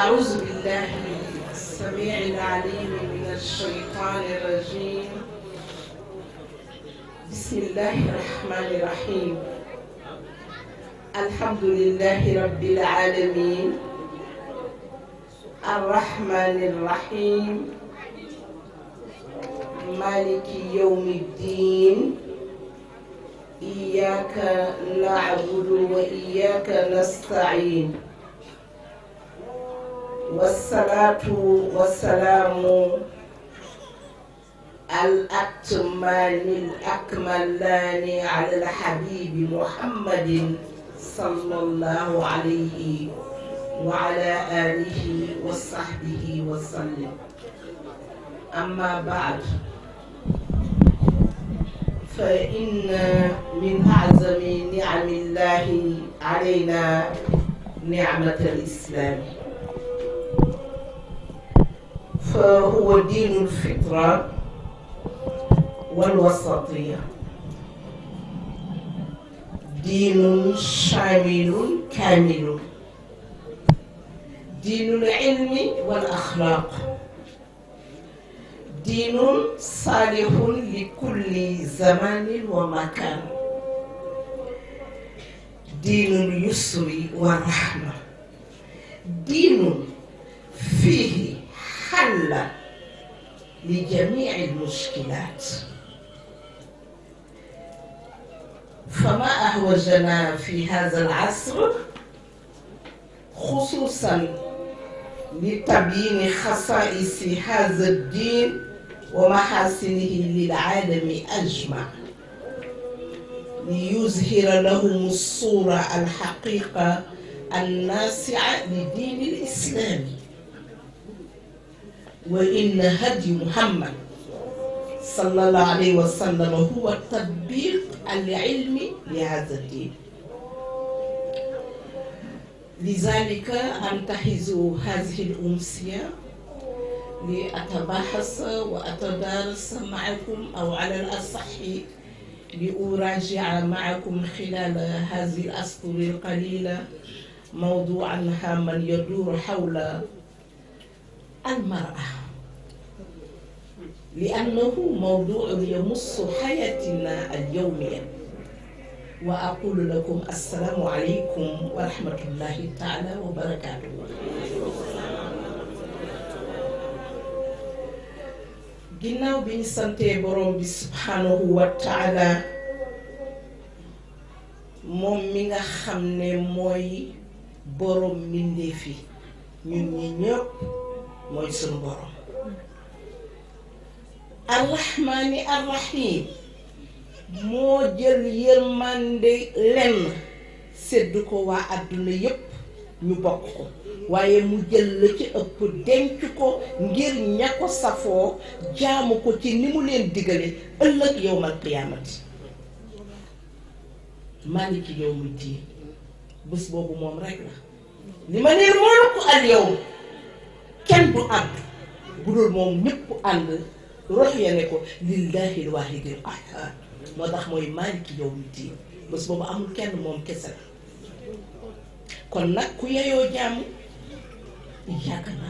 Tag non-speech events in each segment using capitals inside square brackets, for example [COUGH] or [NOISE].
أعوذ بالله السميع العليم من الشيطان الرجيم بسم الله الرحمن الرحيم الحمد لله رب العالمين الرحمن الرحيم مالك يوم الدين إياك نعبد وإياك نستعين wasalaatu wasalaamu al atmaanil akmalaani alal habiibi muhammadin sallallahu alayhi wa ala aalihi wa sahbihi wa sallam amma baad fa inna min aczami nicamillahi alayna nicmatal islaam فهو دين الفطرة والوسطية دين شامل كامل دين العلم والأخلاق دين صالح لكل زمان ومكان دين اليسر والرحمة دين فيه حل لجميع المشكلات فما أحوجنا في هذا العصر خصوصا لتبيين خصائص هذا الدين ومحاسنه للعالم أجمع ليظهر لهم الصورة الحقيقة الناسعة لدين الإسلام wa inna hadyi muhammad sallallahu alayhi wa sallam huwa tatbiq al ilmi li hadha din لذلك أنتحز هذه الأمسية لأتباحث وأتدارس معكم أو على الأصح لأراجع معكم خلال هذه الأسطر القليلة موضوعا هاما يدور حول المرأة لأنه موضوع يمس حياتنا اليومية وأقول لكم السلام عليكم ورحمة الله تعالى وبركاته ginnaaw bi ñu santee borom bi subhanahu wa moom mi nga xam ne mooy borom mbindeef yi ñun ñi mooy sunu borom arrahmaani arrahim moo jël yërmande lenn sédd ko waa àdduna yépp ñu bokk ko waaye mu jël la ci ëpp denc ko ngir ña ko safoo jaamu ko ci ni mu leen digale ëllëg yowmal qiyaamati maaliki yowmi diin bés boobu moom rek la li ma neer moo la ko al yow kenn du àgg bu dul moom ñëpp ànd rox ya ne ko lillahi lwahidil ahad moo tax mooy maaliki yawmi diin bés boobu amul kenn moom kese kon nag ku yeyoo jàmm yàgg na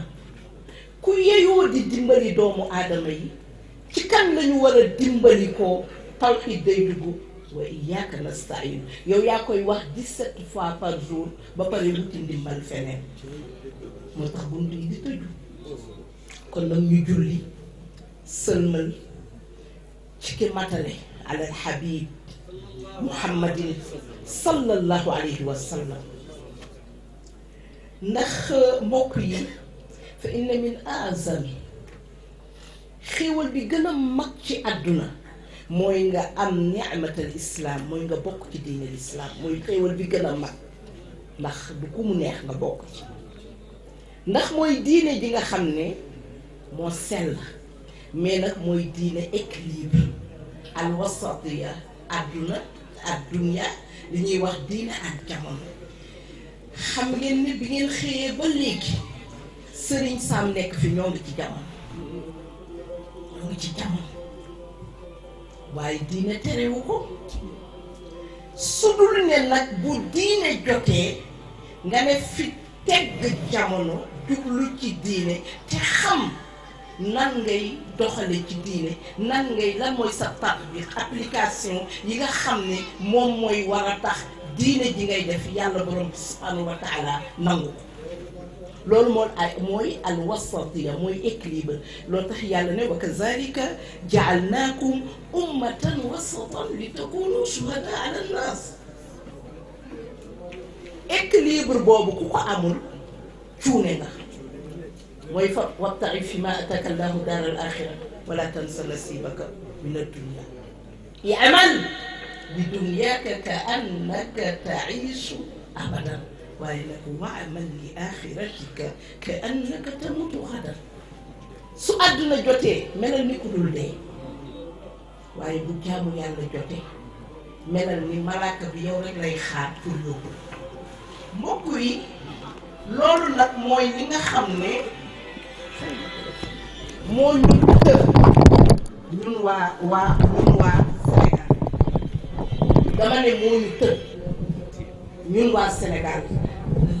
ku yeyoo di dimbali doomu aadama yi ci kan la war a dimbali koo tawxiid day dugg wa iyyaka nasta'in yow yaa koy wax 17 fois par jour ba pare wuti ndimbal feneen moo tax bunt yi di tëju kon nag ñu julli sëlmal ci ki alal habib muhammadin sallallahu alayhi wa ndax mbokk yi fa inna min azam xéewal bi gën a mag ci àdduna mooy nga am ni'matal islaam mooy nga bokk ci diinal islaam mooy xéewal bi gën a mag ndax du ku mu neex nga bokk ci ndax mooy diine ji nga xam ne moo sell mais nag mooy diine équilibre al wasatiya adduna ak dunya li ñuy wax diine ak jamono xam ngeen ni bi ngeen xëyee ba léegi sëriñ Sam nekk fi ñoo ngi ci jamono ñoo ngi ci jamono waaye diine terewu ko su dul ne nag bu diine jotee nga ne fit tegg jamono jublu ci diine te xam nan ngay doxale ci diine nan ngay lan mooy sa tatbiq application yi nga xam ne moom mooy war a tax diine ji ngay def yàlla borom bi subhanahu wa taala nangu ko loolu moom ay mooy al wasatiya mooy équilibre loolu tax yàlla ne wa kazalika jaalnaakum ummatan wasatan li takunu shuhada ala nnaas équilibre boobu ku ko amul cuune nga mooy fa wabtaxi fi ma ataka llahu daar al axira wala tansa nasibaka min addunia yaman bi duniaka ka annaka taisu abadan waaye nag waamal li axiratika ka annaka tamutu xadan su àdduna jotee melal ni ku dul dee waaye bu jaamu yàlla jotee melal ni malaaka bi yow rek lay xaar pour yóbbu mbokk yi loolu nag mooy li nga xam ne moo ñu të ñun waa waa ñun waa Sénégal dama ne moo ñu të ñun waa Sénégal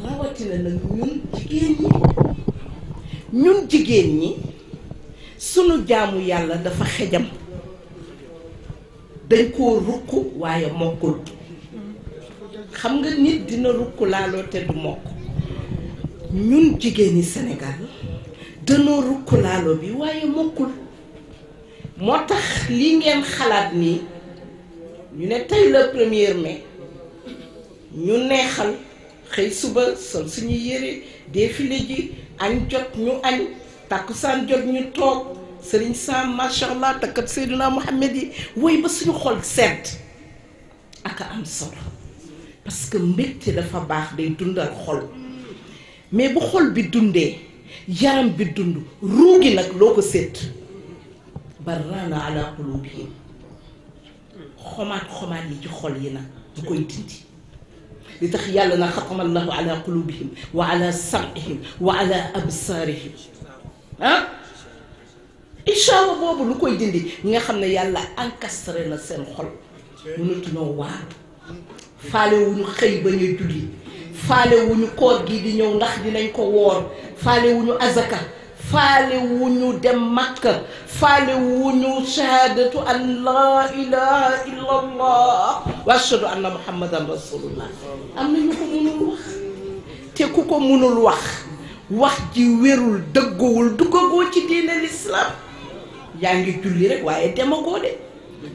rawatina nag ñun jigéen ñi ñun jigéen ñi sunu jaamu yàlla dafa xejam dañ koo rukk waaye mokkul xam nga nit dina rukk laaloo te du mokk ñun jigéeni Sénégal danoo rukk laaloo bi waaye mokkul moo tax lii ngeen xalaat nii ñu ne tey le premier mai ñu neexal xëy suba sol suñu yére défilé ji añ jot ñu añ tàkkusaan jot ñu toog sëriñ saam macha allah takkat seyduna Muhammad yi woy ba suñu xol sedd aka am solo parce que mbégte dafa baax day dundal xol mais bu xol bi dundee yaram bi dund ruugi nag loo ko séet ba raana ala qulubihim xomaat xomaat yi ci xol yi nag bu koy dindi li tax yàlla na xatama allahu ala qulubihim wa ala sam'ihim wa ala absaarihim ah boobu lu koy dindi nga xam ne yàlla encastré na seen xol mënatuñoo waar faale wuñu xëy ba ñuy julli faale wuñu koor gi di ñëw ndax dinañ ko woor faale wuñu azaka faale ñu dem makka faale wuñu shahadatu an laa ilaha illa allah wa ashhadu anna muhammadan rasulullah am na ñu ko mënul wax te ku ko mënul wax wax ji wérul dëgguwul duggagoo ci diine l'islam yaa ngi julli rek waaye demagoo de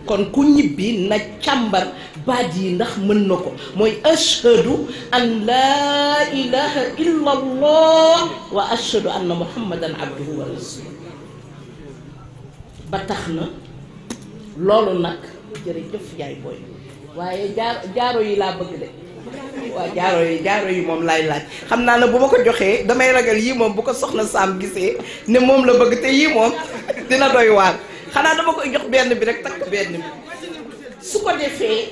kon ku ñibbi na càmbar baat yi ndax mën na ko mooy ashhadu an laa ilaha illa allah wa ashhadu anna muhammadan abduhu wa rasuluh ba tax na loolu nag jërëjëf yaay booy waaye jaaro yi laa bëgg de waaw jaaro yi jaaro yi moom laay laaj xam naa ne bu ma ko joxee damay ragal yii moom bu ko soxna Saam gisee ne moom la bëgg te yii moom dina doy waar xanaa dama koy jox benn bi rek takk benn bi su ko defee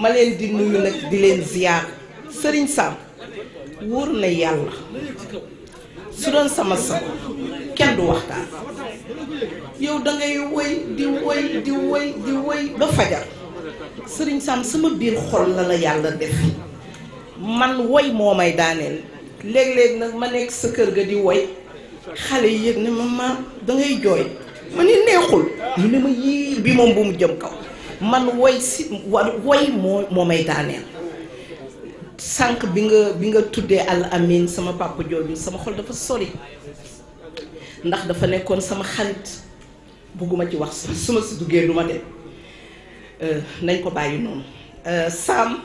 ma leen di nuyu nag di leen ziyaar sëriñ Sam wóor na yàlla su doon sama sago kenn du waxtaan yow da woy di woy di woy di woy ba fajar sëriñ sama biir xol la la yàlla def man woy moo may daaneel léeg-léeg nag ma nekk sa kër ga di woy xale yi yëg ne ma maam da jooy ma ni neexul ñu ne ma yii bi moom bu mu jëm kaw man woy si wa woy moo moo may daaneel sànq bi nga bi nga tuddee al amin sama papa jooju sama xol dafa sori ndax dafa nekkoon sama xarit bugguma ci wax su ma si duggee lu ma dem euh, nañ ko bàyyi noonu euh, saam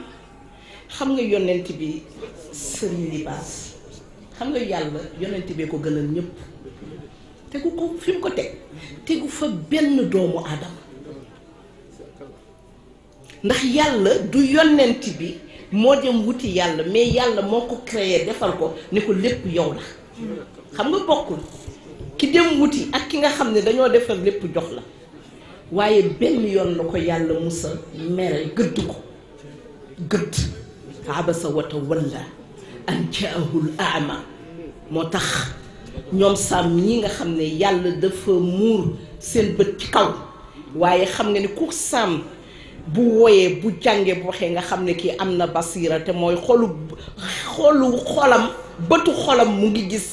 xam nga yonent bi sëriñ libaas xam nga yàlla yonent bee ko gënal ñépp tegu ko fi ko teg tegu fa benn doomu aadama ndax yàlla du yonent bi moo dem wuti yàlla mais yàlla moo ko créé defal ko ne ko lépp yow la xam nga bokkul ki dem wuti ak ki nga xam ne dañoo defal lépp jox la waaye benn yoon la ko yàlla musa mere gëdd ko gëdd abasa wata walla an moo tax ñoom sàmm ñi nga xam ne yàlla dafa muur seen bët ci kaw waaye xam nga ni ku sàmm bu wooyee bu jàngee bu waxee nga xam ne kii am na basiira te mooy xolu xolu xolam bëtu xolam mu ngi gis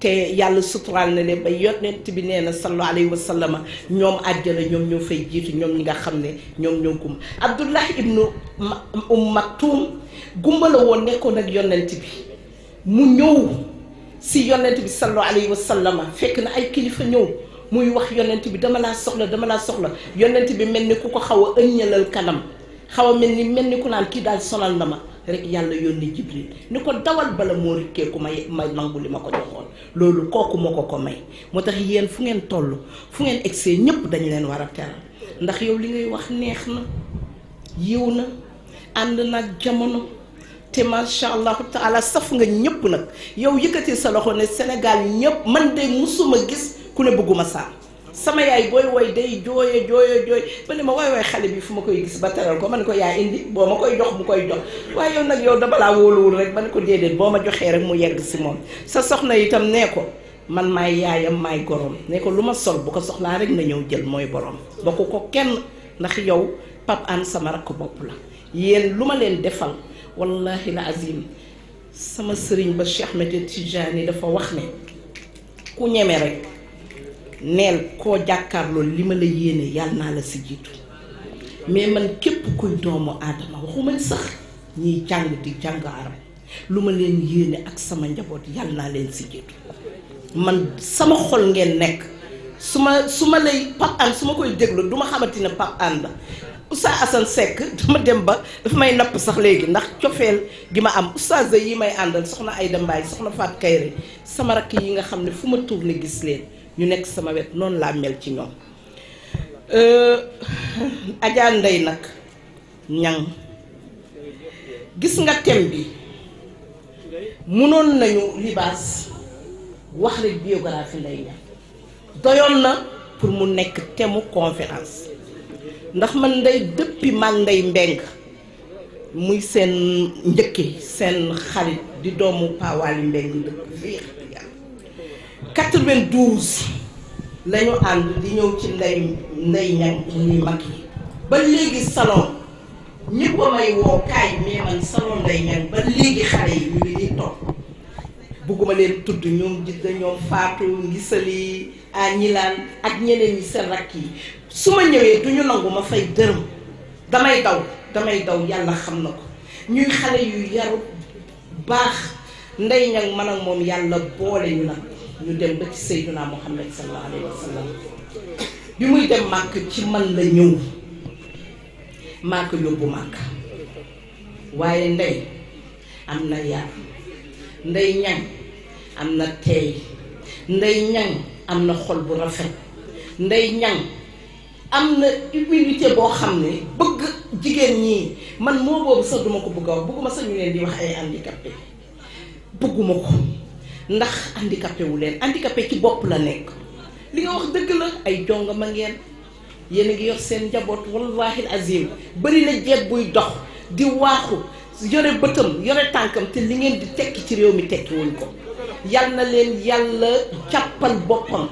te yàlla suturaal na leen ba yonent bi nee na sallallahu alayhi wa sallama ñoom àjjana ñoom ñoo fay jiitu ñoom ñi nga xam ne ñoom ñoo gumba abdullah ibnu um maktuum gumba la woon nekkoon ak yonent bi mu ñëw si yonent bi sallallahu alayhi wa sallama fekk na ay kilifa ñëw muy wax yonent bi dama laa soxla dama laa soxla yonent bi mel ni ku ko xaw a ëññalal kanam xaw a mel ni mel ni ku naan kii daal sonal na ma rek yàlla yónni jibril ni ko dawal bala moo rikkee ku may may nangu li ma ko joxoon loolu kooku ma ko ko may moo tax yéen fu ngeen toll fu ngeen egsee ñëpp dañu leen war a teral ndax yow li ngay wax neex na yiw na ànd na jamono te macha allahu taala saf nga ñëpp nag yow yëkkati sa loxo ne Sénégal ñëpp man de musuma gis ku ne bëgguma saa sama yaay booy woy day jooye jooye jooy ba ne ma waay waay xale bi fu ma koy gis ba teral ko ne ko yaa indi boo ma koy jox mu koy jox waaye yow nag yow dama laa wóoluwul rek ne ko déedéet boo ma joxee rek mu yegg si moom sa soxna itam nee ko man maay yaayam maay gorom ne ko lu ma sol bu ko soxlaa rek na ñëw jël mooy boroom bokk ko kenn ndax yow Pape sama rakk bopp la yéen lu ma leen defal wallahi la azim sama sëriñ ba Cheikh Ahmed Tidiane dafa wax ne ku ñeme rekk neel koo jàkkaarloo li ma la yéene yàlla naa la si jiitu mais man képp kuy doomu aadama waxuma sax ñiy jàng di jàng arab lu ma leen yéene ak sama njaboot yàlla naa leen si jiitu man sama xol ngeen nekk su ma su ma lay Pape Hann su ma koy déglu du ma xamante ne Pape Hann la sa Assane Seck dama dem ba dafa may napp sax léegi ndax cofeel gi ma am oustaz yi may àndal soxna ay Mbaye soxna Faat Kayre sama rakk yi nga xam ne fu ma tourné gis leen ñu nekk sama wet noonu laa mel ci ñoom euh, Adja Ndeye nag ñaŋ gis nga tem bi mënoon nañu libaas wax rek biographie Ndeye Niang doyoon na pour mu nekk temu mu ndax man ndey dëppi maag ndey mbeng muy seen njëkki seen xarit di doomu paawaali mbeng dëkk fii quatre-vingt-douze lañu ànd di ñëw ci ndey ndey ñan ñuy mag yi ba léegi salon ñëpp a may woo kaay salon ndey ñan ba léegi xale yi ñu ngi di bugguma leen tudd ñoom gis dañoom faatu ngisali añilaan ak ñeneen ñi seen rakk yi su ma ñëwee du ñu nangu ma fay dërëm damay daw damay daw yàlla xam na ko ñuy xale yu yaru baax ndey ñag man ak moom yàlla boole ñu nag ñu dem ba ci Seydina Muhammad sallallahu alayhi wa bi muy dem màkk ci man la ñëw màkk yóbbu màkk waaye ndey am na yar ndey ñaŋ am na teey ndey ñaŋ am na xol bu rafet ndey ñaŋ am na humilité boo xam ne bëgg jigéen ñi man moo boobu sax duma ko bëgg a wax bëgguma sax ñu leen di wax ay handicapé bëgguma ko ndax handicapé wu leen handicapé ci bopp la nekk li nga wax dëgg la ay jonga ma ngeen yéen a ngi yor seen njaboot wallahi azim bari na jeeb buy dox di waaxu yore bëtam yore tànkam te li ngeen di tekki ci réew mi tekkiwuñ ko yal na leen yàlla jàppal boppam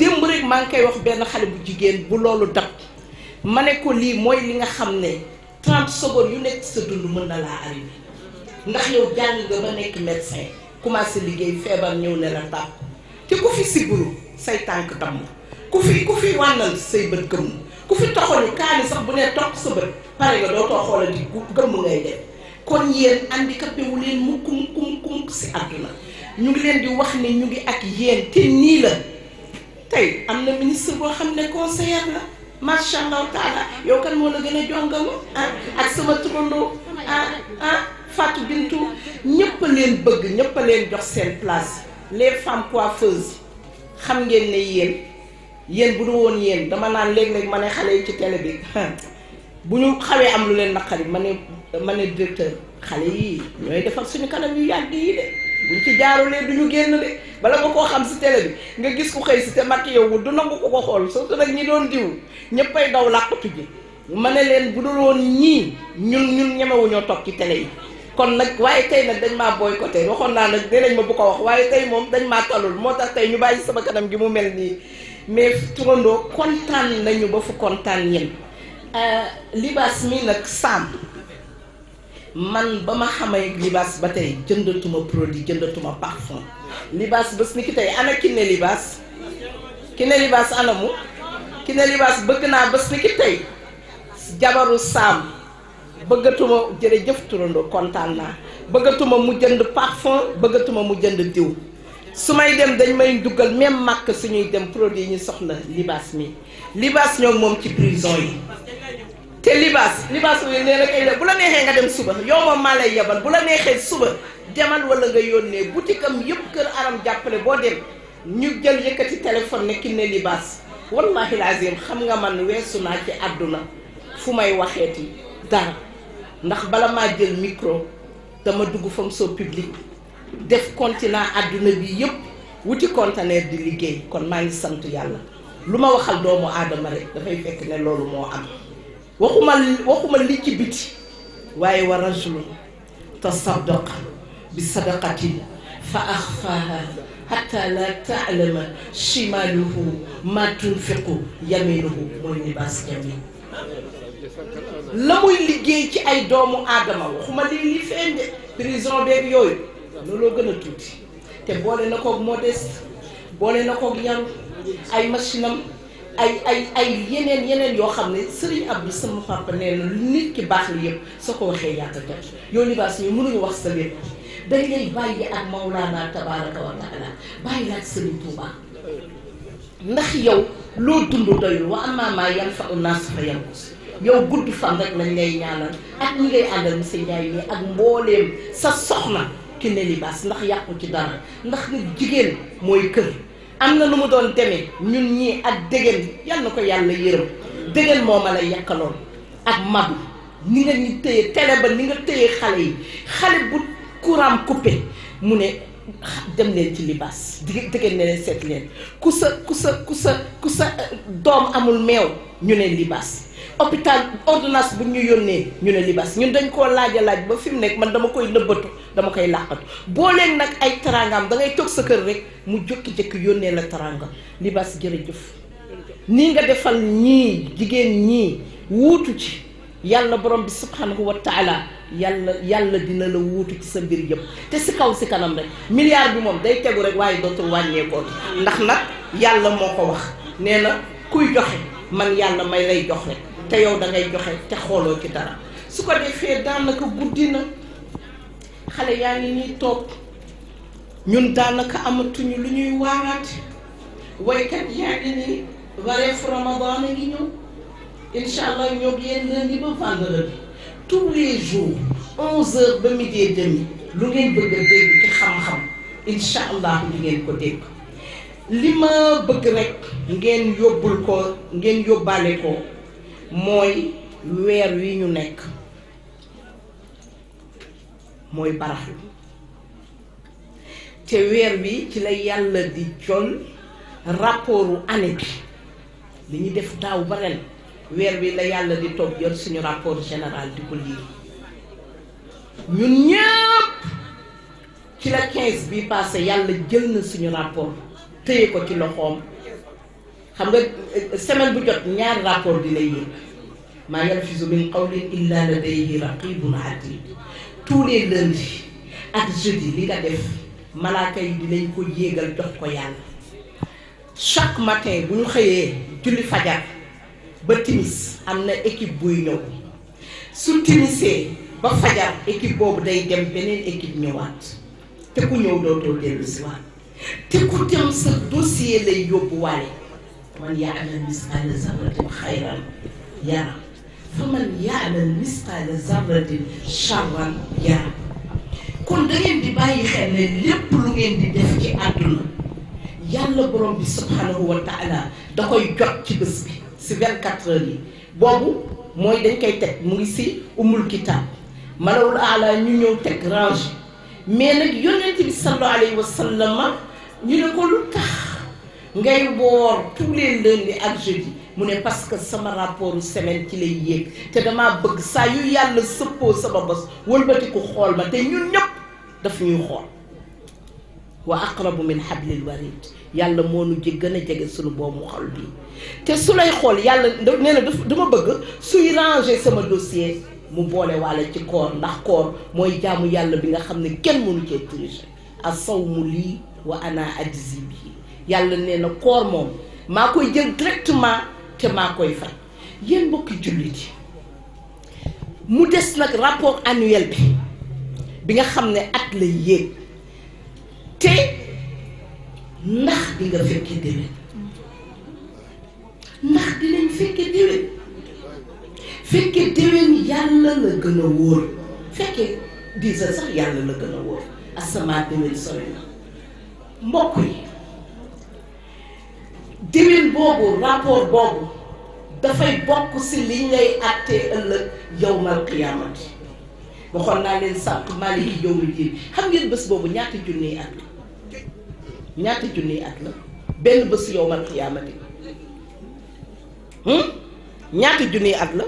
démb rek maa ngi koy wax benn xale bu jigéen bu loolu dab ma ne ko lii mooy li nga xam ne 30 secondes yu nekk sa dund mën na laa arrivé ndax yow jàng nga ba nekk médecin commencé liggéey feebar ñëw ne la tàpp te ku fi sibbiru say tànk damm ku fi ku fi wànnal say bët gëmm ku fi toxoni kaani sax bu ne topp sa bët pare nga dootoo xoolal di mu ngay def kon yéen handicapé wu leen mukk mukk mukk mukk si àdduna ñu ngi leen di wax ne ñu ngi ak yéen te nii la tey am na ministre boo xam ne conseiller la macha allahu taala yow kan moo la gën a jongama ah ak sama turandoo ah ah Fatou Bintu ñëpp leen bëgg ñëpp a leen jox seen place les femmes coiffeuses xam ngeen ne yéen yéen bu du woon yéen dama naan léeg-léeg ma ne xale yi ci télé bi bu ñu xawee am lu leen naqari ma ne ma ne directeur xale yii ñooy defar suñu kanam yu yàgg yi de. buñ ci jaarulee du ñu génn de bala nga koo xam si tele bi nga gis ku xëy si te mag yow du nangu ko ko xool surtout nag ñi doon diw ñëppay daw làqatu ji ma ne leen bu dul woon ñii ñun ñun ñemewuñoo toog ci télé yi kon nag waaye tey nag dañ maa boycotté waxoon naa nag nee nañ ma bu ko wax waaye tey moom dañ maa talul moo tax tey ñu bàyyi sama kanam gi mu mel nii mais turandoo kontaan nañu ba fu kontaan yéen euh, libaas mi nag saam man ba ma xamay libaas ba tey jëndatuma produit jëndatuma parfum libaas bés ni ki tey ana Kiné Libaas Kiné Libaas anamu Kiné Libaas bëgg naa bés ni ki tey jabaru saam bëggatuma jërëjëf turando kontaan naa bëggatuma mu jënd parfum bëggatuma mu jënd diw su may dem dañ may duggal même màkk suñuy dem produit yi ñu soxla libaas mi libaas ñoom moom ci prison yi te libaas libaas bu la neexee nga dem suba yow moom maa lay yebal bu la neexee suba demal wala nga yónnee boutique am yëpp kër aram jàppale boo dem ñu jël yëkkati téléphone ne ki ne libaas wallahi lazim xam nga man weesu naa ci àdduna fu may waxeeti dara ndax bala maa jël micro dama dugg fonction publique def continent àdduna bi yëpp wuti conteneur di liggéey kon maa ngi sant yàlla lu ma waxal doomu aadama rek dafay fekk ne loolu moo am waxuma waxuma li ci biti waaye wa rajulun tasaddaqa bi sadaqatin fa axfaaha xatta laa taalama shimaaluhu ma tunfiqu yaminuhu mooy libaas yamin la muy liggéey ci ay doomu aadama waxuma lii li feeñ de prison beeg yooyu looloo gën a tuuti te boole na koog modeste boole na kook yaru ay machine am ay ay ay yeneen yeneen yoo xam ne sëriñ ab sama papa nee na lu nit ki baax la yëpp soo ko waxee yaata toj yow libaas ñu mënuñu wax sa lépp dañ lay bàyyi ak Maulana tabaraka wa taala bàyyi laaj sëriñ Touba ndax yow loo dund doyul wa amma ma yan fa naas fa yan ko yow gudd fan rek lañ lay ñaanal ak ñi ngay àndal monsieur Ndiaye nii ak mbooleem sa soxna ki ne libaas ndax yàqu ci dara ndax nit jigéen mooy kër am na lu mu doon demee ñun ñii ak déggan yal na ko yàlla yërëm déggan moo ma lay yàqaloon ak mag ni nga ñu téye télé ba ni nga téye xale yi xale bu courant kuppe mu ne dem leen ci libaas di déggan ne leen seet leen ku sa ku sa ku sa ku sa euh, doom amul meew ñu ne libaas hôpital ordonnance bu ñu yónnee ñu ne Libaas ñun dañ koo laaja laaj ba fi mu nekk man dama koy nëbbatu dama koy làqatu boo nag ay tarangaam da ngay sa kër rek mu jokki-jëkki yónnee la taranga Libaas jërëjëf nii nga defal ñii jigéen ñii wuutu ci yàlla borom bi subhanahu wa taala yàlla yàlla dina la wuutu ci sa mbir yëpp te si kaw si kanam rek milliard bi moom day tegu rek waaye dootul wàññeekoo ndax nag yàlla moo ko wax nee na kuy joxe man yàlla may lay jox te yow dangay ngay joxe te xooloo ci dara su ko defee daanaka guddi na xale yaa ngi ñuy toog ñun daanaka amatuñu lu ñuy waaraate waykat yaa ngi nii wareef Ramadan a ngi ñëw incha allah ñoo yéen lundi ba vendredi tous les jours onze heures ba midi et demi lu ngeen bëgg a dégg ci xam-xam incha allah li ngeen ko dégg li ma bëgg rek ngeen yóbbul ko ngeen yóbbaale ko mooy weer wi ñu nekk mooy baraxlu te weer wi ci la yàlla di jon rapportu année bi li ñu def daaw ba weer wi la yàlla di toog jël suñu rapport général di ko lii ñun ñëpp ci la 15 bi passé yàlla jël na suñu rapport téye ko ci loxoom xam nga semaine bu jot ñaari rapport di lay yéen maa yalfizu min qawlin illa ladayhi raqibun atid tous les lundis ak jeudi li nga def malaaka yi dinañ ko yéegal jox ko yàlla chaque matin bu ñu xëyee julli fajar ba timis am na équipe buy ñëw su timisee ba fajar équipe boobu day dem beneen équipe ñëwaat te ku ñëw dootoo dellusiwaat te ku dem sa dossier lay yóbbuwaale man ya'mal misqaala zarratin xayran yara fa man ya'mal misqaala zarratin sharran yara kon da di bàyyi xel ne lépp lu ngeen di def ci àdduna yàlla borom bi subhanahu wa da koy jot ci bés bi si 24 heures yi boobu mooy dañ koy teg mu ngi si umul kitaab malawul ala ñu ñëw teg range mais nag yonent bi sallallahu alayhi wa ñu ne ko lu tax. ngay woor tous les lundis ak jeudi mu ne parce que sama rapport semaine ci lay yéeg te damaa bëgg saa yu yàlla sëppoo sama bos wëlbatiku xool ma te ñun ñëpp daf ñuy xool wa aqrabu min hablil warid yàlla moo nu ji gën a jege suñu boobu xol bii te su lay xool yàlla nee na dama bëgg suy ranger sama dossier mu boole waale ci koor ndax koor mooy jaamu yàlla bi nga xam ne kenn mënu cee tricher mu lii wa ana ajzi bi yàlla nee na koor moom maa koy jël directement te maa koy fay yéen mbokki jullit yi mu des nag rapport annuel bi bi nga xam ne at la yéeg te ndax di nga fekke déwén ndax dinañ fekke déwén fekke déwén yàlla la gën a wóor fekke dix sax yàlla la gën a wóor asamaa déwén sori na mbokk yi diwin boobu rapport boobu dafay bokk si li ngay àttee ëllëg yowmal qiyaamati waxoon naa leen sànq maaliki yowmal jiir xam ngeen bés boobu ñaati junniy at la at la benn bés yowmal qiyaamati hmm? ñaata junniy at la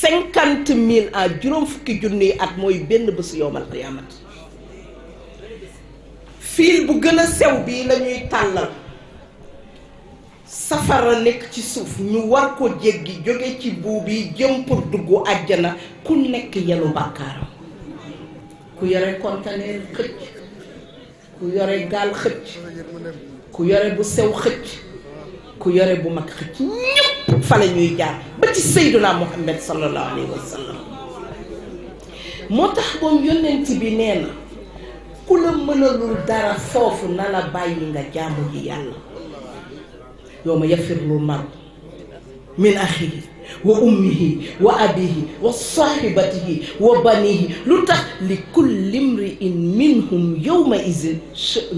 cinquante mille à juróom fukki junniy at mooy benn bés yowmal qiyaamati fiil bu gën sew bii lañuy ñuy tàllal safara nekk ci suuf ñu war ko jéggi jóge ci buub yi jëm pour dugg àjjana ku nekk yelu bàkkaaram ku yore conteneur xëcc ku yore gaal xëcc ku yore bu sew xëcc ku yore bu mag xëcc ñëpp fa la ñuy jaar ba ci sayduna muhammad sallallahu alayhi wa moo tax moom yonent bi nee na ku la mënalul dara foofu na la bàyyi nga jaamu ji yàlla yow ma yafirlu mar min axihi wa ummihi wa abihi wa sahibatihi wa banihi lu tax li kulli mri'in minhum yowma isin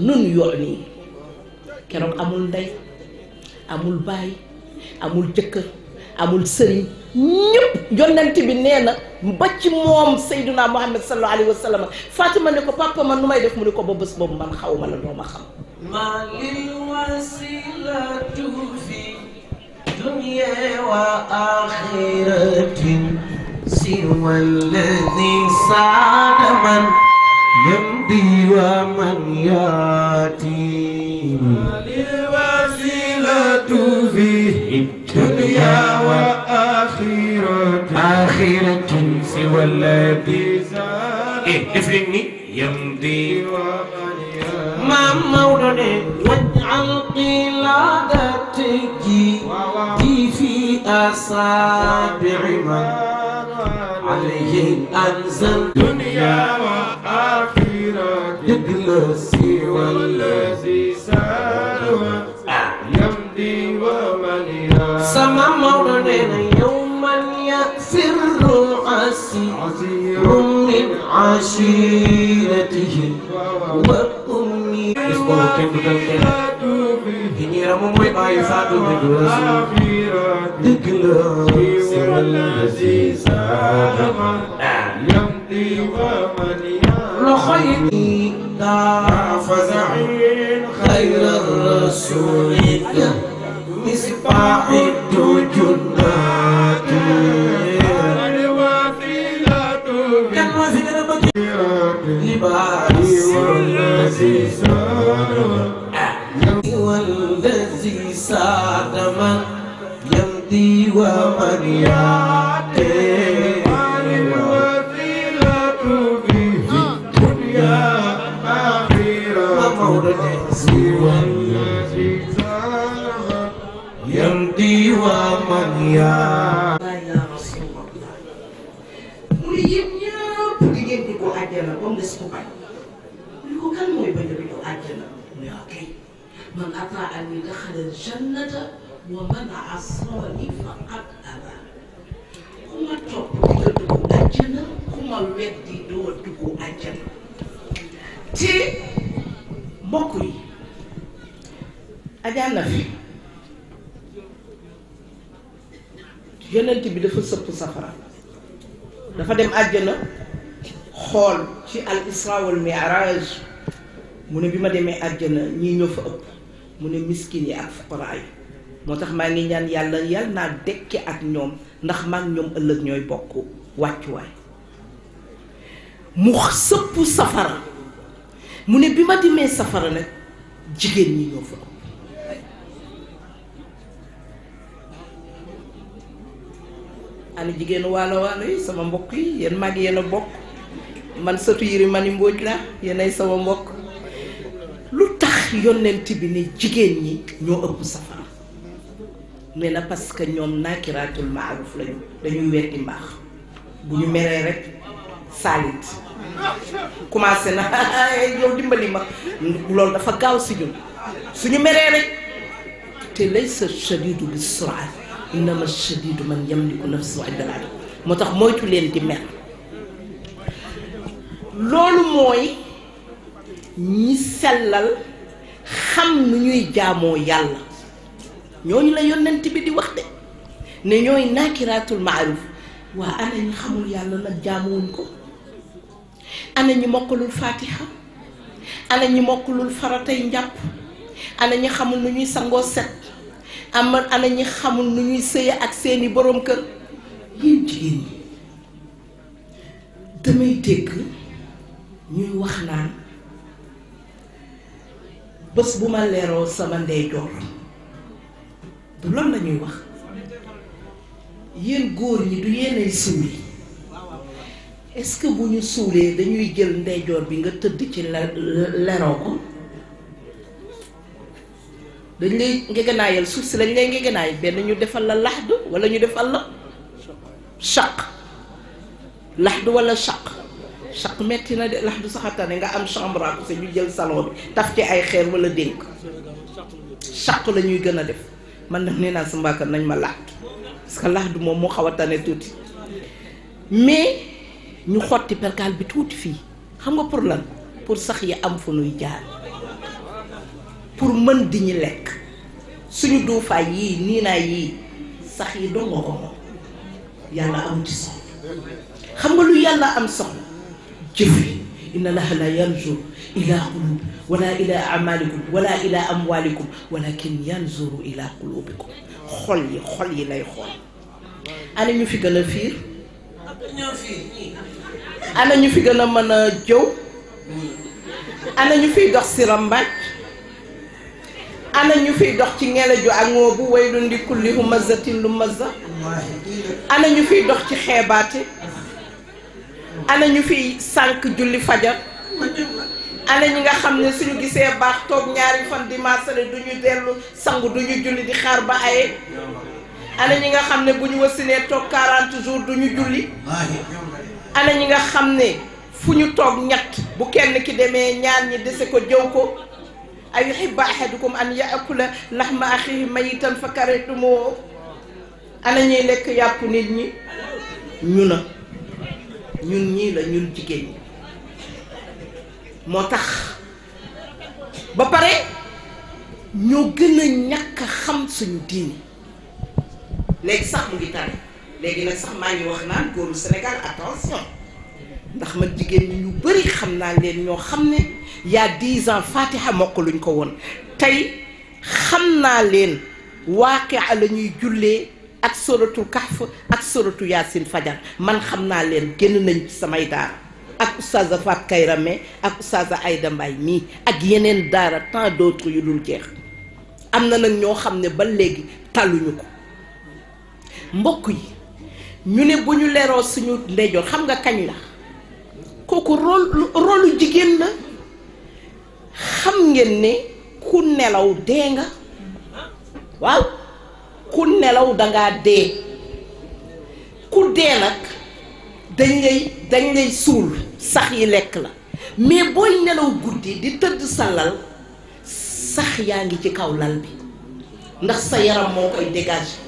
nun yoni keroog amul ndey amul baay amul jëkkër amul sëriñ ñëpp yonent bi nee na ba ci moom sayduna muhammad sallallahu alayhi wa sallam fatima ne ko papa man nu may def mu ne ko ba bés boobu man xaw ma la doo ma xam ma lil wasilatu fi dunya wa akhiratin siwa alladi saada man yamdi wa man yaati آخرة آخرة سوى الذي زاد إيه افلني يمضي ما مولد واجعل قلادتك دي في أصابع من عليهم أنزل دنيا وسيلته وأمي اسمه كم كم إني رمو موي باي سادو مجوز دقلا سوى الذي سادم يمضي ومن لخيتي دافزع خير الرسول مصباح ahlal jannata wa man asaani faqad aba ku ma topp doo dugg àjjana ku ma weddi doo dugg àjjana te mbokk yi Adja Nafi yonent bi dafa sëpp safara dafa dem àjjana xool ci al isra mu ne bi ma demee àjjana ñii ñoo fa ëpp mu ne miskin yi ak fuqaraa moo tax maa ngi ñaan yàlla yal naa dekke ak ñoom ndax maa ngi ñoom ëllëg ñooy bokk wàccuwaay mu sëpp safara mu ne bi ma demee safara nag jigéen ñi ñoo fa waalo waalo yi sama mbokk yi yéen mag yéen a bokk man sëtu Yërimani Mbóoj la yéenay sama mbokk tax yonent bi ne jigéen ñi ñoo ëpp safara ne la parce que ñoom naakiraatul maaruf lañu dañuy weddi mbaax bu ñu meree rek saalit commencé na [LAUGHS] eh, yow dimbali ma loolu dafa gaaw si ñun suñu meree rek te laysa shadidu bi suraa innama shadidu man yamliku nafsahu inda al-adab moo tax moytu leen di mer loolu mooy ñi sellal xam nu ñuy jaamoo yàlla ñooñu la yonent bi di wax de ne ñooy naakiraatul maaruf waa ana ñi xamul yàlla nag jaamuwuñ ko ana ñi mokkalul faatiha ana ñi mokkalul faratay njàpp ana ñi xamul nu ñuy sangoo set am ana ñi xamul nu ñuy sëye ak seeni boroom kër yéen jigéen ñi damay dégg ñuy wax naan bés bu ma leeroo sama ndeyjoor du loolu la ñuy wax yéen góor yi du yéenay suuli est-ce que bu ñu suulee dañuy jël ndeyjoor bi nga tëdd ci leroo ko dañ lay ngegenaayal suuf si lañ lay ngegenaay benn ñu defal la laxdu walla ñu defal la chaq laxdu walla chaq chaque metti na de ndax du saxatane nga am chambre à coucher ñu jël salon bi taf ci ay xeer wala dénk chaque la ñuy gën a def man nag nee naa sa mbàkk nañ ma laxtu parce que laxtu moom moo xaw a tane tuuti mais ñu xotti percal bi tuuti fii xam nga pour lan pour sax yi am fu nuy jaar pour mën di ñu lekk suñu duufaay yii nii naa yii sax yi dong ko moom yàlla am ci soxla xam nga lu yàlla am soxla. jëf yi inna laha la yanzur ila qulub wala ila amalikum wala ila amwalikum walakin yanzuru ila qulubikum xol yi xol yi lay xool ana ñu fi gën a fiir ana ñu fi gën a mën a jëw ana ñu fiy dox si rambaaj ana ñu fiy dox ci ngeleju ak ngoobu waylun li kulli lumaza ana ñu fiy dox ci xeebaate ana ñu fi sànq julli fajar ana ñi nga xam ne suñu gisee baax toog ñaari fan di marsale du ñu dellu sangu du ñu julli di xaar ba aye ana ñi nga xam ne bu ñu wasinee toog 40 jours du ñu julli ana nga xam ne fu ñu toog ñett bu kenn ki demee ñaar ñi dese ko jëw ko ay yuhibbu ahadukum an yaakula lahma axihi mayitan fa karitumoo ana ñuy lekk yàpp nit ñi ñu na ñun ñii la ñun jigéen ñi moo tax ba pare ñoo gën a ñakk xam suñu diini léegi sax mu ngi léegi nag sax maa ngi wax naan góoru Sénégal attention ndax man jigéen ñi ñu bari xam naa leen ñoo xam ne y a dix ans mokk luñ ko woon tey xam naa leen waaqia la ñuy jullee ak sóoratu kahf ak sorotu yaasin fajar man xam naa leen génn nañ samay daara ak oustaz Fat Kayrame ak oustaz Aïda Mbaye mii ak yeneen daara tant d'autres yu dul jeex am na nag ñoo xam ne ba léegi tàlluñu ko mbokk yi ñu ne bu ñu leeroo suñu ndeyjoor xam nga kañ la kooku rôle jigéen la xam ngeen ne ku nelaw dee nga waaw ku nelaw dangaa dee ku dee nag dañ lay dañ lay suul sax yi lekk la mais booy nelaw guddi di tëdd sa lal sax yaa ngi ci kaw lal bi ndax sa yaram moo koy dégage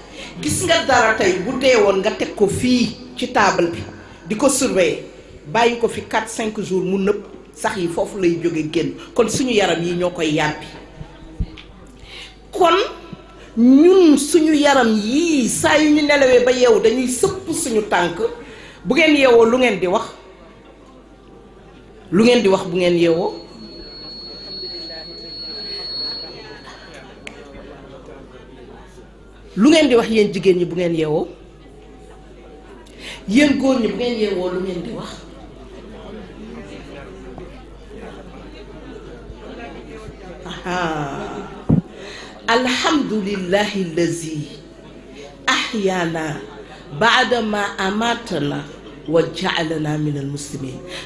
gis nga dara tey bu dee woon nga teg ko fii ci taabal bi di ko surveiller bàyyi ko fi 4 5 jours mu nëpp sax yi foofu lay jóge génn kon suñu yaram yi ñoo koy yàbbi kon ñun suñu yaram yii saa yu ñu nelawee ba yeewu dañuy sëpp suñu tànk bu ngeen yeewoo lu ngeen di wax lu ngeen di wax bu ngeen yeewoo lu ngeen di wax yéen jigéen ñi bu ngeen yeewoo yéen góor ñi bu ngeen lu ngeen di wax alhamdulillahi lazi ahyaana baadama amatana wa jaalana min al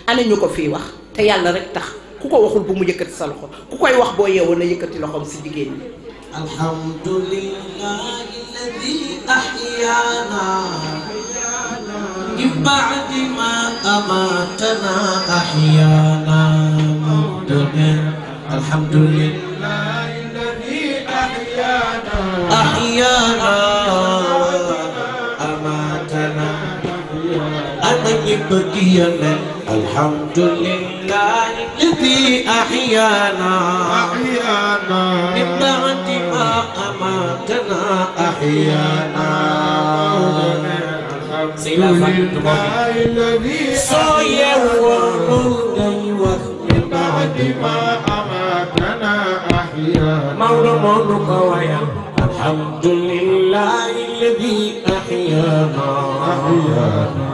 ana ñu ko fi wax te yàlla rek tax ku ko waxul bu mu yëkkati sa loxo ku koy wax boo yeewoon na yëkkati loxoom si jigéen ñi alhamdulillahi lazi ahyaana min baadi ma amatana ahyaana alhamdulillahi أحيانا أماتنا أنا يبكينا الحمد لله الذي أحيانا أحيانا من بعد ما أماتنا أحيانا Mauro Mondo Kawaya الحمد لله الذي أحيانا أحيانا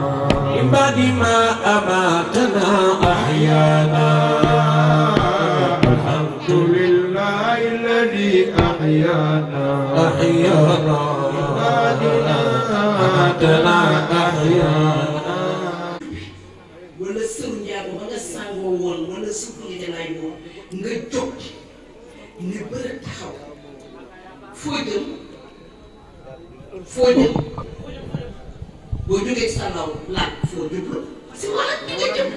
من بعد ما أماتنا أحيانا الحمد لله الذي أحيانا أحيانا من بعد ما أماتنا أحيانا foo jëm foo jëm boo jógee sa law laaj foo jublu si wanag bi nga jëm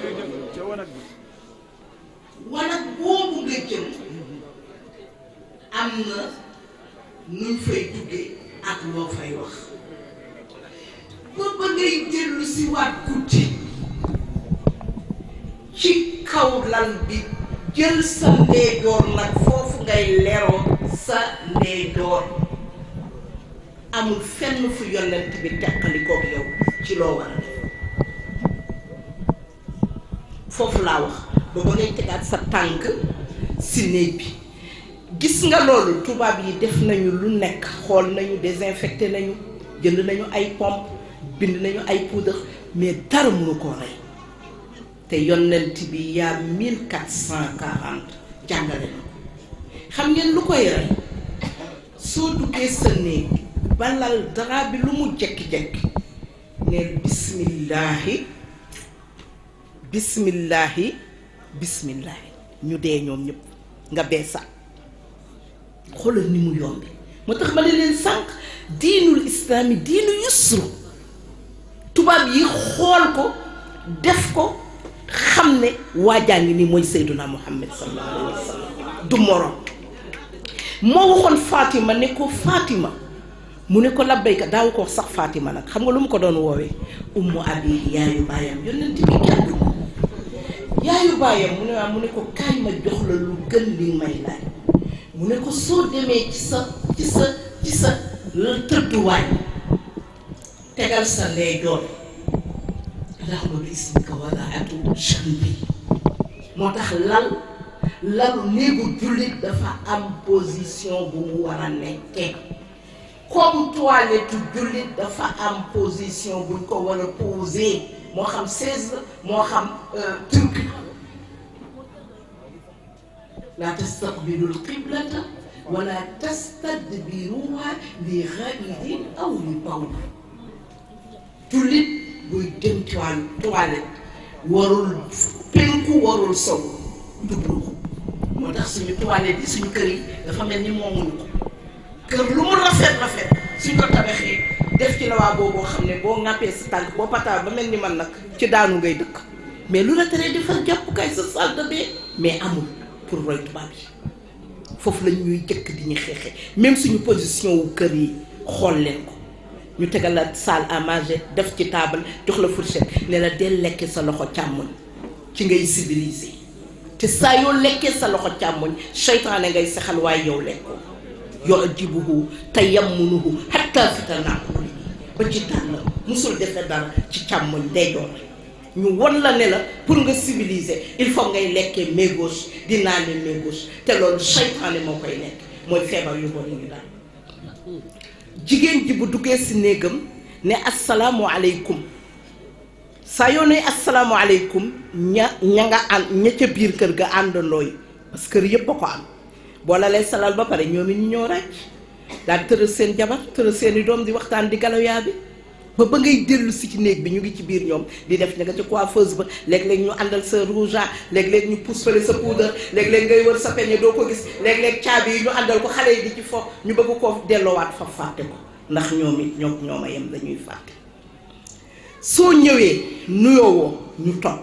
boobu nga am na nuñ fay duggee ak loo fay wax ba ba ngay si waat guddi ci kaw lan bi jël sa ndeyjoor nag foofu ngay leroo sa ndeyjoor amul fenn fu yonent bi teqalikoog yow ci loo war a def foofu laa wax ba ba ngay tegaat sa tànk si néeg bi gis nga loolu tubaab yi def nañu lu nekk xool nañu désinfecté nañu jënd nañu ay pompe bind nañu ay poudre mais dara mënu koo rey te yonent bi yaa mille quatre cent quarante jàngale na xam ngeen lu koy rey soo duggee sa néeg balal dara bi lu mu jekki-jekki neel bismillaahi bismillaahi ñu dee ñoom ñëpp nga beesa xoolal ni mu yombe moo tax ma ne leen sànq diinul islaami diinu yusru tubaab yi xool ko def ko xam ne waajaa ngi nii mooy Seyduna Muhammad sallallahu alayhi wa sallam du morom moo waxoon Fatima ne ko Fatima mu ne ko labbayka daaw ko sax Fatima nag xam nga lu mu ko doon woowee ummu abi yaayu baayam yonent bi gàddu yaayu baayam mu ne ko kaay ma jox la lu gën li may laaj mu ne ko soo demee ci sa ci sa ci sa tëdduwaay tegal sa ndeyjoor allahuma bi ismika wadaatu janbi moo tax lal lalu néegu jullit dafa am position bu mu war a nekkee comme toilette jullit dafa am position buñ ko war a posé moo xam chaise la moo xam euh, turki la tastaqbilu l qiblata wala tastadbiruha li xaidin aw li bawl jullit buy dem tiwaan toilette warul penku warul sow jublu ko moo tax suñu toilette yi suñu kër yi dafa mel ni moomuñu ko kër lu mu rafet rafet suñ ko tabaxee def ci la waa boo xam ne boo ŋàppee sa tànk boo pataa ba mel ni man nag ci daanu ngay dëkk mais lu la teree defar jàppukaay sa salle de mais amul pour roy tubaab yi foofu la jëkk di ñu xeexee même suñu position wu kër yi xool leen ko ñu tegal la salle à manger def ci taabal jox la fourchette ne la del lekk sa loxo càmmoñ ci ngay civilisé te saa yoo lekkee sa loxo càmmoñ seytaane ngay saxal waaye yow lekkoo yoo ajibuhu te yammunuhu xatta fitanaaku ba ci tànn musul defe dara ci càmmoñ day doon ñu won la ne pour nga civilisé il faut ngay lekkee main gauche di naane main gauche te loolu seytaane moo koy nekk mooy feebar yu bon ñu daal jigéen ji bu duggee si néegam ne asalaamualeykum saa yoo ne asalaamualeykum ña ña nga ànd ña ca biir kër ga àndandoo yi parce kër yëpp a ko am boo la lay salal ba pare ñoom ñu ñoo ràcc daal tëral seen jabar tëral seeni i doom di waxtaan di galoyaa bi ba ba ngay dellu si ci néeg bi ñu ngi ci biir ñoom di def ña nga ca coiffeuse ba léeg-léeg ñu àndal sa rouge a léeg-léeg ñu pousse fële sa poudre léeg-léeg ngay wër sa peñe doo ko gis léeg-léeg caabi yi ñu àndal ko xale yi di ci fo ñu bëgg koo delloowaat fa fàtte ko ndax ñoom it ñoom ñoom a yem dañuy fàtte soo ñëwee nuyoowoo ñu toog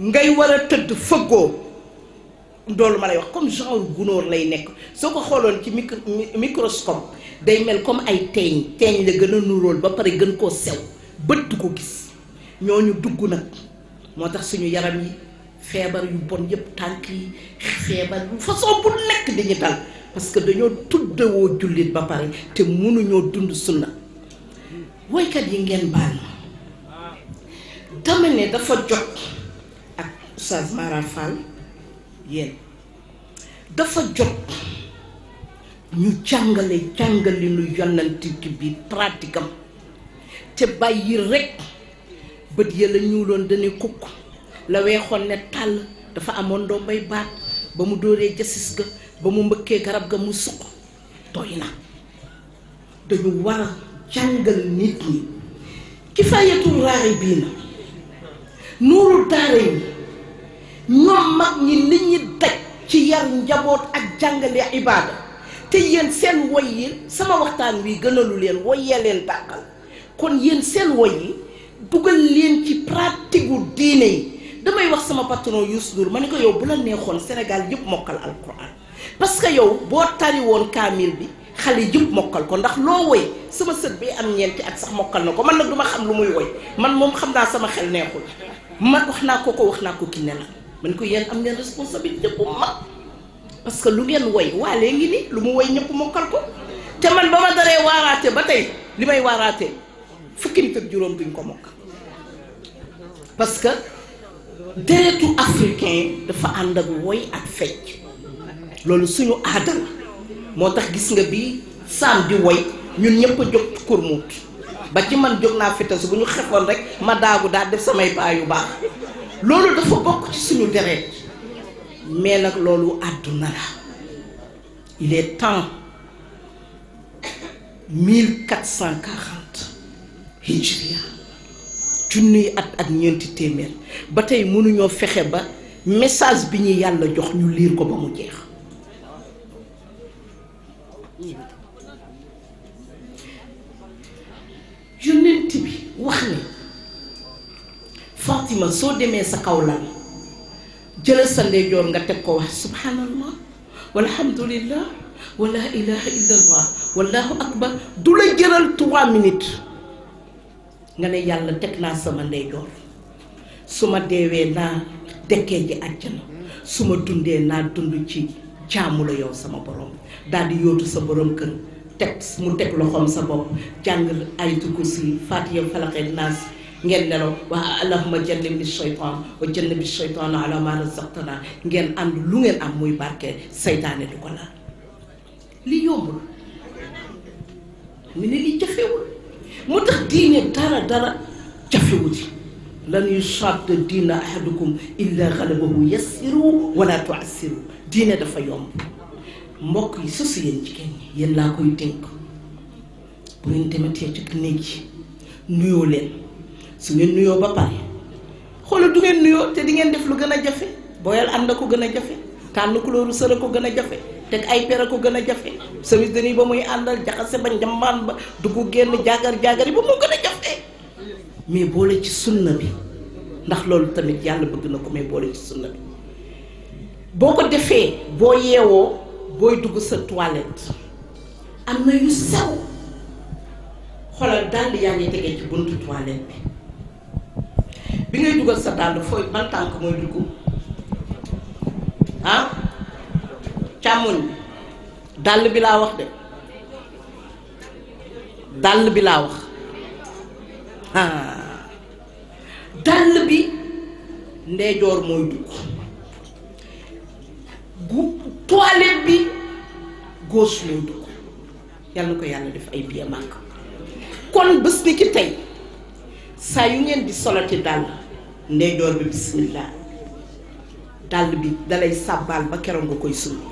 ngay war a tëdd fëggoo doolu ma lay wax comme genre gunóor lay nekk soo ko xooloon ci micro microscope day mel comme ay teeñ teeñ la gën a nurool ba pare gën koo sew bët du ko gis ñoo ñu dugg nag moo tax suñu yaram yi feebar yu bon yëpp tànk yi feebar yu façon bu nekk dañu dal parce que dañoo tuddewoo jullit ba pare te mënuñoo dund sunna woykat yi ngeen baal ma dama ne dafa jot ak Oustaz Mara Fall yéen dafa jot ñu jàngale jàngale nu yonant bi pratique am te bàyyi rekk bët ya la ñuuloon dañuy kukk la weexoon ne tàll dafa amoon doom bay baat ba mu dóoree jasis ga ba mu mbëkkee garab ga mu suq tooy na dañu war a jàngal nit ñi kifaayatul raari bii na nuuru daara yi ñoom mag ñi nit ñi daj ci yar njaboot ak jàngale ibaada te yéen seen woy yi sama waxtaan wi gënalu leen woyee leen bàqal kon yéen seen woy yi dugal leen ci pratique gu diine yi damay wax sama patron Youssou Ndour ma ne ko yow bu la neexoon Sénégal yëpp mokkal alquran parce que yow boo tari woon kaamil bi xale yëpp mokkal ko ndax loo woy sama sët bi am ñeenti ak sax mokkal na ko man nag duma xam lu muy woy man moom xam naa sama xel neexul ma wax naa ko ko wax naa ko ki ne la man ko yéen am ngeen responsabilité bu parce que lu ngeen woy waa ngi nii lu mu woy ñëpp mokkal ko te man ba ma daree waaraate ba tey li may waaraate fukki nit ak juróom duñ ko mokk parce que deretu africain dafa ànd ak woy ak fecc loolu suñu aada la moo tax gis nga bi saam di woy ñun ñëpp a jóg kurmuut ba ci man jóg naa fitas bu ñu xefoon rek ma daagu daal def samay paa yu baax loolu dafa bokk ci suñu deret mais nag loolu àdduna la il est temps 1440 hijriya junniy at ak ñeenti téeméer ba tey mënuñoo fexe ba message bi ñu yàlla jox ñu liir ko ba mu jeex yonent bi wax ni Fatima soo demee sa kaw jëlal sa ndeyjoor nga teg ko wax subhanallah walhamdulillah wala ilaha illallah wallahu akbar du la jëral trois minutes nga ne yàlla teg naa sama ndeyjoor su ma deewee naa dekkee ji àjjana su ma dundee naa dund ci jaamu la yow sama borom daal di yootu sa borom kër teg mu teg loxoom sa bopp jàng ayatul kursi faatiya falaqee naas ngeen nelaw waa allahuma jannib bi seytaan wa jannib bi seytaan ala ma razaqtana ngeen ànd lu ngeen am muy barke seytaane du ko laal li yombul mu ne li jafewul moo tax diine dara dara jafewul ci lan yusadda diina ahadukum illa galabahu yassiru wala tuassiru diine dafa yomb mbokk yi sësu yéen jigéen ñi yéen laa koy dénk bu ngeen dematee ci néeg yi nuyoo leen su ngeen nuyoo ba pare xoolal du ngeen nuyoo te di ngeen def lu gën a jafe booyal ànd ko gën a jafe tànn kulooru sër ko gën a jafe te ay per ko gën a jafe semis de nuit ba muy àndal jaxase ba njambaan ba dugg génn jaagar jaagar yi ba moo gën a jafe mais boole ci sunna bi ndax loolu tamit yàlla bëgg na ko mais boole ci sunna bi boo ko defee boo yeewoo booy dugg sa toilette am na yu sew xoolal dàll yaa ngi tegee ci buntu toilette bi. bi ngay dugal sa dàll fooy ban tànk mooy dugg ah bi dàll bi laa wax de dàll bi laa wax ah dàll bi ndeyjoor mooy dugg gu toilette bi ko yàlla def ay biya màkk kon bés ni ki tey saa yu ngeen di solati dàll ndeyjoor bi bismillah dàll bi dalay sàbbaal ba keroog nga koy summi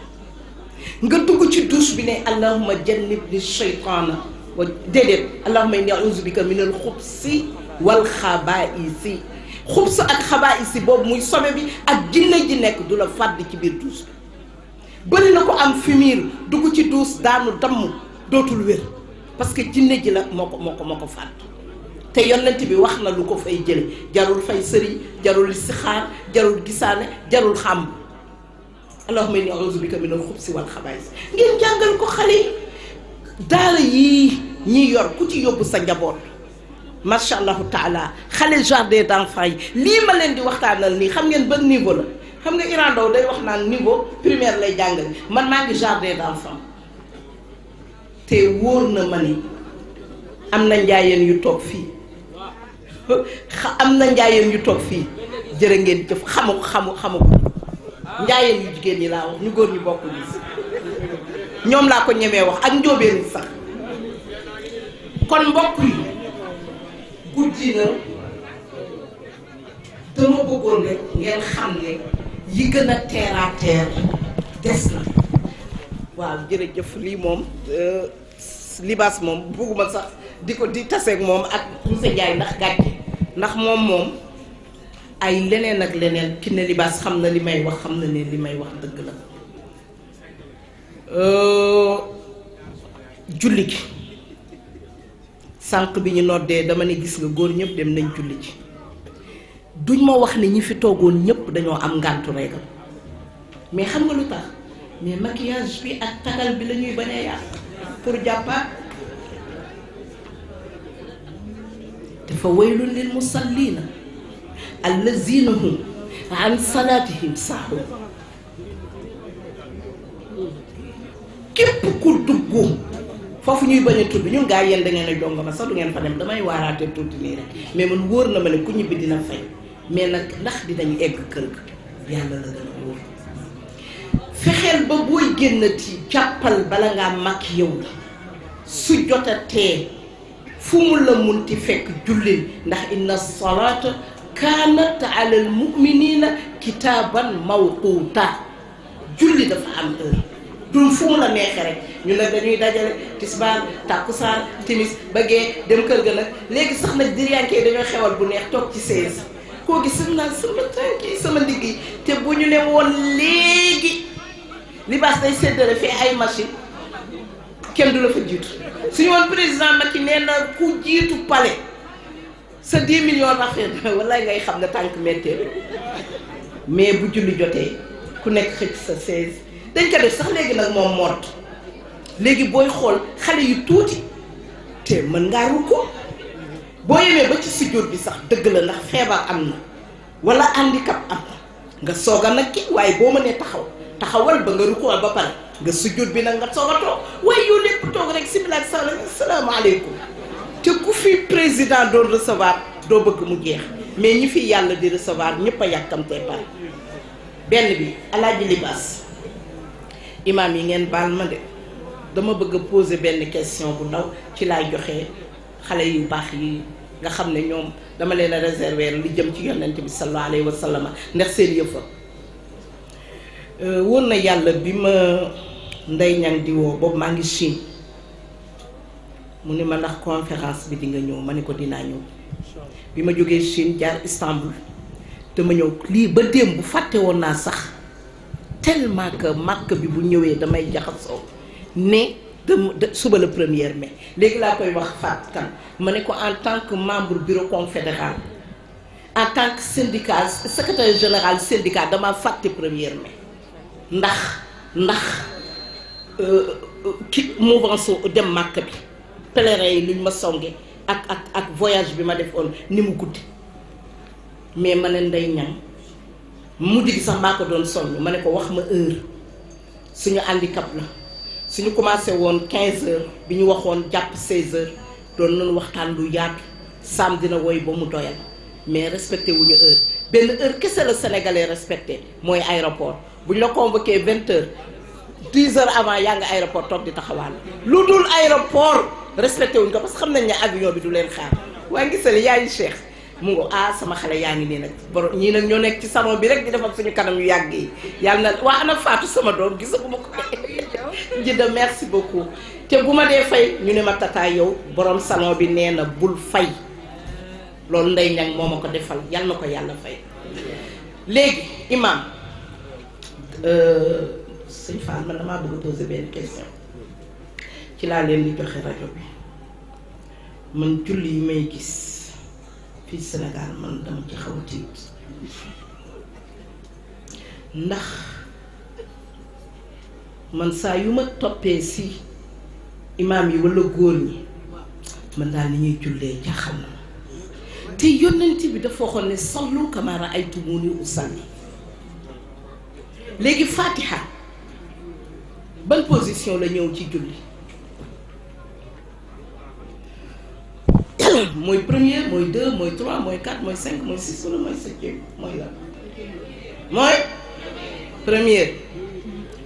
nga dugg ci douche bi ne allahuma jannib ni shaytaana wa déedéet allahuma inni auzu bika xubsi wal xabaisi xubs ak xabaisi boobu muy sobe bi ak jinne ji nekk du la fàdd ci biir douche bi bëri na ko am fumier dugg ci douche daanu damm dootul wér parce que jinne ji la moo ko moo ko moo ko fàdd te yonent bi wax na lu ko fay jële jarul fay sëriñ jarul istixaar jarul gisaane jarul xam allahumma inni a'udhu bika minal xubsi wal xabaa'is ngeen jàngal ko xale yi daara yii ñi yor ku ci yóbbu sa njaboot macha allahu taala xale jardin d'enfants yi lii ma leen di waxtaanal nii xam ngeen ban niveau la xam nga Iran Ndao day wax naan niveau primaire lay jàngale man maa ngi jardin d'enfants te wóor na ma ni am na njaayeen yu toog fii [LAUGHS] am na njaayeen yu toog fii jërë ngeen jëf xamu xamu xamu njaayeen yu jigéen ñi laa wax ñu góor ñi bokk ni ñoom laa ko ñemee wax ak njóobeen sax kon mbokk yi guddi na dama bëggoon rek ngeen xam ne yi gën a terre à terre des na waaw jërëjëf lii moom euh, libaas moom bëgguma sax di ko di taseeg moom ak monsieur Ndiaye ndax gàcce ndax moom moom ay leneen ak leneen ki ne libaas xam na li may wax xam na ne li may wax dëgg la euh, julli gi sanq bi ñu noddee dama ne gis nga góor ñëpp dem nañ julli ji duñ ma wax ne ñi fi toogoon ñëpp dañoo am ngàntu regal mais xam nga lu tax mais maquillage bi ak tagal bi la ñuy bañ yàq pour jàppaat dafa waylun lil musallina allazina hum an salaatihim saahuun képp ku dugg foofu ñuy bañ a tudd ñun gaa yéen da ngeen a jongo ma sax du ngeen fa dem damay waaraatee tuuti nii rek mais man wóor na ma ne ku ñibbi dina fay mais nag ndax dinañ egg kër ga yàlla la gën a wóor fexeel ba booy génnati jàppal bala ngaa mag yow su jotatee fu mu la ti fekk jullil ndax inna salaata kaanat alal muminina kitaaban mawquuta julli dafa am heure dul fu mu la neexee rek ñu nag dañuy dajale tisbaar takkusaan timis bëggee dem kër ga nag léegi sax nag diriyaankee dañoo xewal bu neex toog ci seize koo gis sam naa sama tànk yi sama ndigg yi te bu ñu ne woon léegi libaas day séddale fii ay machine kenn du la fa jiitu suñu woon président Macky nee na ku jiitu palais sa 10 millions rafet [LAUGHS] wallaay ngay xam ne tànk méttee mais bu julli jotee ku nekk xëcc sa 16 dañ ko def sax léegi nag moom mort léegi booy xool xale yu tuuti te mën ngaa rukkoo boo yemee ba ci sujjóot bi sax dëgg la ndax feebar am na wala handicap am nga soog a nag ki waaye boo ma mënee taxaw taxawal ba nga rukkoo ba pare. nga sujjut bi nag nga soog a toog waaye yow lépp toog rek similaak sala salaamaaleykum te ku fi président doon recevoir doo bëgg mu geex mais ñi fi yàlla di recevoir ñëpp a yàkkamtee pare benn bi alaaji libaas imaam yi ngeen baal ma de dama bëgg a benn question bu ndaw ci laay joxe xale yu baax yi nga xam ne ñoom dama leen a réserver li jëm ci yonent bi sallallahu alayhi wa sallam ndax seen yëfa euh, wóor na yàlla bi ma Ndeye Niang di boobu maa ngi Chine mu ni ma ndax conférence bi di nga ñëw ma ne ko dinaa ñëw bi ma jógee Chine jaar Istanbul dama ñëw lii ba démb bu fàtte woon naa sax tellement que marque bi bu ñëwee damay jaxasoo ne de suba le premier mais léegi laa koy wax Fatou Kane ma ne ko en tant que membre bureau fédéral en tant que syndicat secrétaire général syndicat dama fàtte première mai ndax ndax Euh, euh, ki mouvance dem màkk bi pèlerin yi luñ ma songe ak ak ak voyage bi ma defoon ni mu guddi mais ma ne nday ñan mu gi sax maa ko doon sonn ma ne ko wax ma heure suñu handicap la suñu commencé woon quinze heures bi ñu waxoon jàpp 16 heures doon nañu waxtaan lu yaatu saam dina woy ba mu doyal mais respecté wuñu heure benn heure kese la sénégalais respecté mooy aéroport bu ñu la convoqué 20 dix heures avant yaa nga aéroport toog di taxawaan lu dul aéroport respecté wuñ ko parce xam nañ ne avion bi du leen xaar waaye ngisali yaa yi Cheikh mu ngo ah sama xale yaa ngi nii nag borom ñii nag ñoo nekk ci salon bi rek di defar sañu kanam yu yàgg yi yàlla na waa ana Fatou sama doom ma ko njidda [LAUGHS] merci beaucoup te bu ma dee fay ñu ne ma tataay yow borom salon bi nee na bul fay loolu ndey ñang moo ma ko defal yàlla na ko yàlla fay léegi imam euh, sëñ Fall man damaa bëgg a poser benn question ci laa leen di joxe rajo bi man julli yi may gis fii Sénégal man dama ci xaw a tiit ndax man saa yu ma toppee si imaam yi walla góor ñi man daal ni ñuy jullee jaxal na te yónnent bi dafa waxoon ne sallu kama ra'aytumuni usalli léegi Fatiha. ban position la ñëw ci julli [COUGHS] mooy premier mooy deux mooy trois mooy quatre mooy cinq mooy six wala mooy septième mooy lan mooy première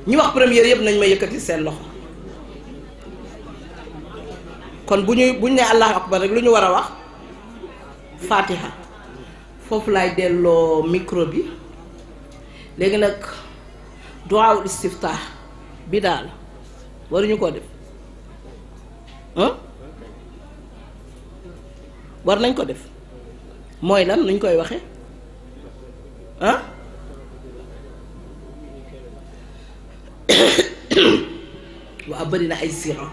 ñu wax première yëpp nañ ma yëkkati seen loxo kon bu ñuy bu ñu ne allahu akbar rek lu ñu war a wax fatiha foofu laay delloo micro bi léegi nag duwaawul istiftah bidaa daal waruñu koo def war nañ ko def mooy lan luñ koy waxe ah [COUGHS] waaw bëri na ay siron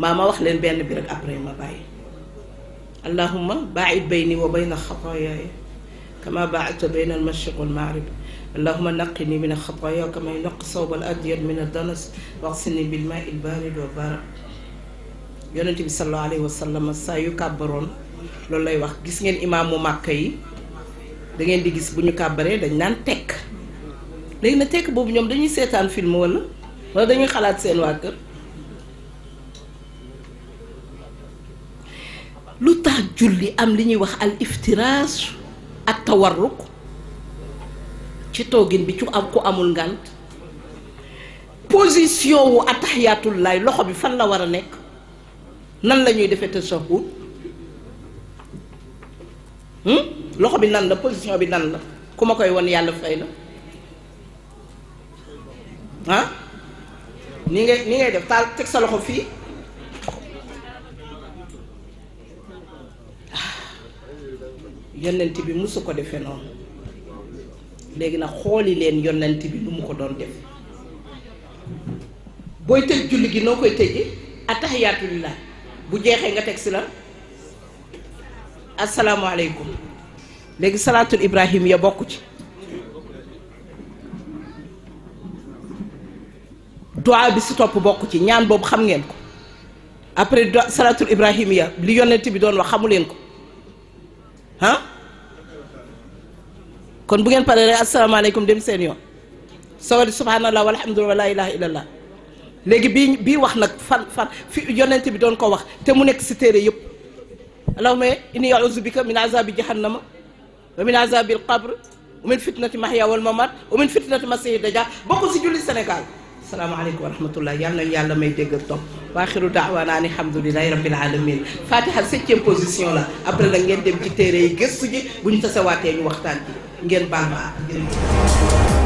maa ma wax leen benn bi rek après ma bàyyi allahumma baa'id bayni wa bayna xataayaaya kama baa'adta bayna al mashriq wal maghrib allahuma naqini min alxataaya kama yunaqqa sawbal abyad min ad-danas waxsini bil maa'i al-baaridi wa barad yonent bi sallallahu alayhi wa sallam saa yu kàbbaroon loolu lay wax gis ngeen imaamu màkka yi da ngeen di gis bu ñu kàbbaree dañ naan tekk léegi na tekk boobu ñoom dañuy seetaan film wala wala dañuy xalaat seen waa kër lu tax julli am li ñuy wax al iftiraas ak tawarruk ci toogin bi ci am ku amul ngànt position wu ataxiyatullaay loxo bi fan la war a nekk nan la ñuy defee tashahud hmm? loxo bi nan la position bi nan la ku ma koy won yàlla fay la ah ni ngay ni ngay def taal teg sa loxo fii ah. yonent bi mosu ko defee noonu léegi nag xooli leen yonent bi lu mu ko doon def booy tëj julli gi noo koy tëjee attahiyaatu la bu jeexee nga teg si la asalaamaaleykum léegi salaatul ibrahim ya bokk ci duwaa bi si topp bokk ci ñaan boobu xam ngeen ko après salaatul ibrahim ya li yonent bi doon wax xamu leen ko ah kon bu ngeen paree rek asalaamaaleykum dem seen yoon soo di subhanallah walhamdulillah wa laa ilaaha illallah léegi bii bii wax nag fan fan fi yonent bi doon ko wax te mu nekk si téere yëpp allahumma inni a'uuzu bika min azabi jahannama wa min azabi alqabr wa min fitnati mahya wal mamat wa min fitnati masihi dajjal bokk si julli Sénégal asalaamaaleykum wa rahmatullah yal nañu yàlla may dégg ak topp wa axiru daawaana ani alhamdulilahi rabbil alamin fatiha septième position la après nag ngeen dem ci téere yi gëstu ji bu ñu tasewaatee ñu waxtaan ji ngeen baal ma ak